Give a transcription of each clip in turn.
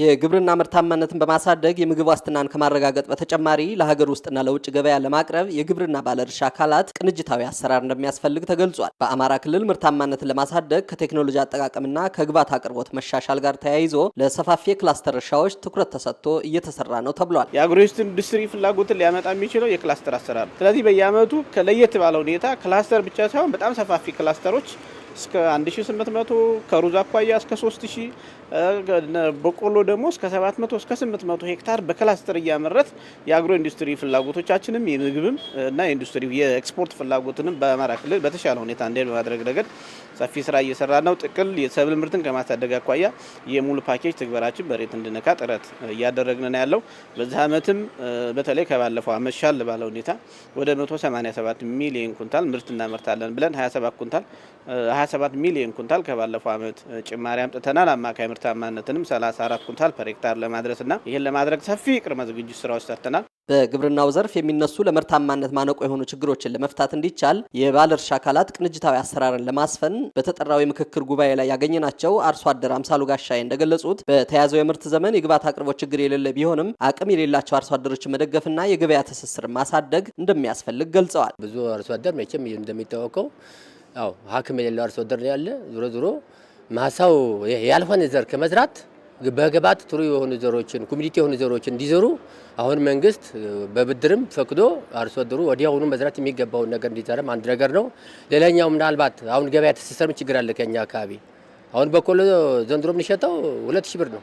የግብርና ምርታማነትን በማሳደግ የምግብ ዋስትናን ከማረጋገጥ በተጨማሪ ለሀገር ውስጥና ለውጭ ገበያ ለማቅረብ የግብርና ባለድርሻ አካላት ቅንጅታዊ አሰራር እንደሚያስፈልግ ተገልጿል። በአማራ ክልል ምርታማነትን ለማሳደግ ከቴክኖሎጂ አጠቃቀምና ከግብዓት አቅርቦት መሻሻል ጋር ተያይዞ ለሰፋፊ የክላስተር እርሻዎች ትኩረት ተሰጥቶ እየተሰራ ነው ተብሏል። የአግሮዩስት ኢንዱስትሪ ፍላጎትን ሊያመጣ የሚችለው የክላስተር አሰራር ነው። ስለዚህ በየዓመቱ ከለየት ባለ ሁኔታ ክላስተር ብቻ ሳይሆን በጣም ሰፋፊ ክላስተሮች እስከ 1800 ከሩዝ አኳያ እስከ 3000 በቆሎ ደግሞ እስከ 700 እስከ 800 ሄክታር በክላስተር እያመረት የአግሮ ኢንዱስትሪ ፍላጎቶቻችንም የምግብም እና የኢንዱስትሪ የኤክስፖርት ፍላጎትንም በአማራ ክልል በተሻለ ሁኔታ እንዲሄድ በማድረግ ረገድ ሰፊ ስራ እየሰራ ነው። ጥቅል የሰብል ምርትን ከማሳደግ አኳያ የሙሉ ፓኬጅ ትግበራችን በሬት እንድነካ ጥረት እያደረግን ነው ያለው። በዚህ አመትም በተለይ ከባለፈው ዓመት ሻል ባለ ሁኔታ ወደ 187 ሚሊዮን ኩንታል ምርት እናመርታለን ብለን 27 ኩንታል 27 ሚሊዮን ኩንታል ከባለፈው ዓመት ጭማሪ አምጥተናል። አማካይ ምርታማነትንም 34 ኩንታል ፐር ሄክታር ለማድረስና ይህን ለማድረግ ሰፊ ቅድመ ዝግጅት ስራዎች ሰርተናል። በግብርናው ዘርፍ የሚነሱ ለምርታማነት ማነቆ የሆኑ ችግሮችን ለመፍታት እንዲቻል የባለድርሻ አካላት ቅንጅታዊ አሰራርን ለማስፈን በተጠራው የምክክር ጉባኤ ላይ ያገኘናቸው አርሶ አደር አምሳሉ ጋሻ እንደገለጹት በተያዘው የምርት ዘመን የግብዓት አቅርቦት ችግር የሌለ ቢሆንም አቅም የሌላቸው አርሶ አደሮችን መደገፍና የገበያ ትስስር ማሳደግ እንደሚያስፈልግ ገልጸዋል። ብዙ አርሶ አደር መቼም እንደሚታወቀው ያው ሐኪም የሌለው አርሶ አደር ነው ያለ። ዞሮ ዞሮ ማሳው ያልሆነ ዘር ከመዝራት በግባት ጥሩ የሆኑ ዘሮችን ኮሚኒቲ የሆኑ ዘሮችን እንዲዘሩ አሁን መንግስት በብድርም ፈቅዶ አርሶ አደሩ ወዲያውኑ መዝራት የሚገባውን ነገር እንዲዘረም አንድ ነገር ነው። ሌላኛው ምናልባት አሁን ገበያ ትስስርም ችግር አለ። ከኛ አካባቢ አሁን በቆሎ ዘንድሮ የምንሸጠው ሁለት ሺህ ብር ነው።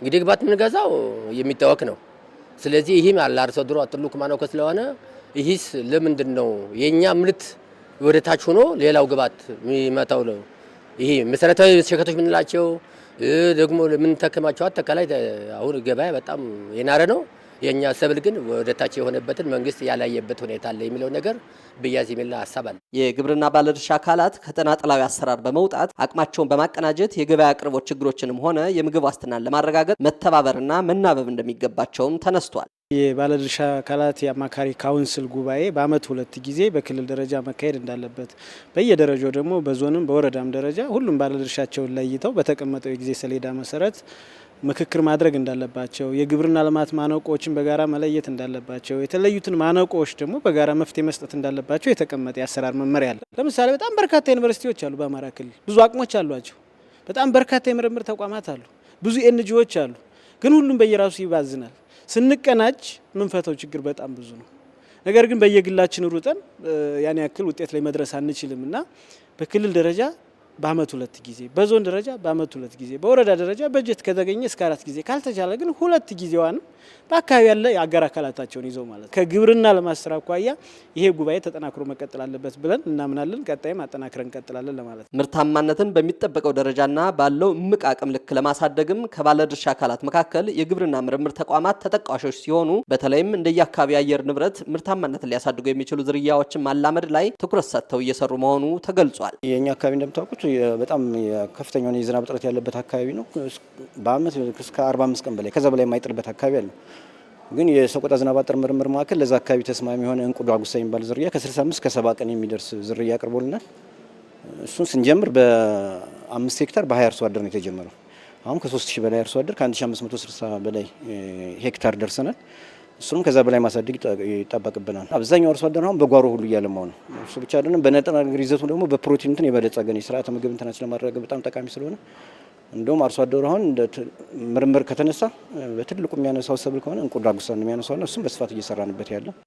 እንግዲህ ግብዓት የምንገዛው የሚታወቅ ነው። ስለዚህ ይህም አለ አርሶ አደሩ አጥሉ ኩማኖ ስለሆነ ይህስ ለምንድን ነው የእኛ ምርት ወደ ታች ሆኖ ሌላው ግባት የሚመታው ነው። ይሄ መሰረታዊ ሸከቶች የምንላቸው ደግሞ የምንተክማቸው አጠቃላይ አሁን ገበያ በጣም የናረ ነው። የእኛ ሰብል ግን ወደታች የሆነበትን መንግስት ያላየበት ሁኔታ አለ የሚለው ነገር ብያዝ የሚል ሀሳብ አለ። የግብርና ባለድርሻ አካላት ከተናጠላዊ አሰራር በመውጣት አቅማቸውን በማቀናጀት የገበያ አቅርቦት ችግሮችንም ሆነ የምግብ ዋስትናን ለማረጋገጥ መተባበርና መናበብ እንደሚገባቸውም ተነስቷል። የባለድርሻ አካላት የአማካሪ ካውንስል ጉባኤ በአመት ሁለት ጊዜ በክልል ደረጃ መካሄድ እንዳለበት በየደረጃው ደግሞ በዞንም በወረዳም ደረጃ ሁሉም ባለድርሻቸውን ለይተው በተቀመጠው የጊዜ ሰሌዳ መሰረት ምክክር ማድረግ እንዳለባቸው፣ የግብርና ልማት ማነቆዎችን በጋራ መለየት እንዳለባቸው፣ የተለዩትን ማነቆዎች ደግሞ በጋራ መፍትሄ መስጠት እንዳለባቸው የተቀመጠ የአሰራር መመሪያ አለ። ለምሳሌ በጣም በርካታ ዩኒቨርሲቲዎች አሉ። በአማራ ክልል ብዙ አቅሞች አሏቸው። በጣም በርካታ የምርምር ተቋማት አሉ። ብዙ ኤንጂዎች አሉ። ግን ሁሉም በየራሱ ይባዝናል። ስንቀናጅ ምንፈተው ችግር በጣም ብዙ ነው። ነገር ግን በየግላችን ሩጠን ያን ያክል ውጤት ላይ መድረስ አንችልም እና በክልል ደረጃ በአመት ሁለት ጊዜ በዞን ደረጃ በአመት ሁለት ጊዜ በወረዳ ደረጃ በጀት ከተገኘ እስከ አራት ጊዜ ካልተቻለ ግን ሁለት ጊዜዋንም በአካባቢ ያለ የአገር አካላታቸውን ይዘው ማለት ከግብርና ለማስር አኳያ ይሄ ጉባኤ ተጠናክሮ መቀጠል አለበት ብለን እናምናለን። ቀጣይም አጠናክረን እንቀጥላለን ለማለት ነው። ምርታማነትን በሚጠበቀው ደረጃና ባለው እምቅ አቅም ልክ ለማሳደግም ከባለድርሻ አካላት መካከል የግብርና ምርምር ተቋማት ተጠቃሾች ሲሆኑ በተለይም እንደየአካባቢ አየር ንብረት ምርታማነትን ሊያሳድጉ የሚችሉ ዝርያዎችን ማላመድ ላይ ትኩረት ሰጥተው እየሰሩ መሆኑ ተገልጿል። የእኛ አካባቢ እንደምታውቁት በጣም ከፍተኛ የሆነ የዝናብ እጥረት ያለበት አካባቢ ነው። በአመት እስከ 45 ቀን በላይ ከዛ በላይ የማይጥልበት አካባቢ አለ። ግን የሰቆጣ ዝናብ አጠር ምርምር ማዕከል ለዛ አካባቢ ተስማሚ የሆነ እንቁ ዳጉሳ የሚባል ዝርያ ከ65 እስከ 70 ቀን የሚደርስ ዝርያ አቅርቦልናል። እሱን ስንጀምር በአምስት ሄክታር በ20 አርሶ አደር ነው የተጀመረው። አሁን ከ3000 በላይ አርሶ አደር ከ1560 በላይ ሄክታር ደርሰናል። እሱንም ከዛ በላይ ማሳደግ ይጠበቅብናል። አብዛኛው አርሶ አደር አሁን በጓሮ ሁሉ እያለማው ነው። እሱ ብቻ አይደለም፣ በንጥረ ነገር ይዘቱ ደግሞ በፕሮቲን እንትን የበለጸገን የስርዓተ ምግብ እንትን ስለማድረግ በጣም ጠቃሚ ስለሆነ እንደውም አርሶ አደሩ አሁን እንደ ምርምር ከተነሳ በትልቁ የሚያነሳው ሰብል ከሆነ እንቁ ዳጉሳ ነው የሚያነሳውና እሱም በስፋት እየሰራንበት ያለ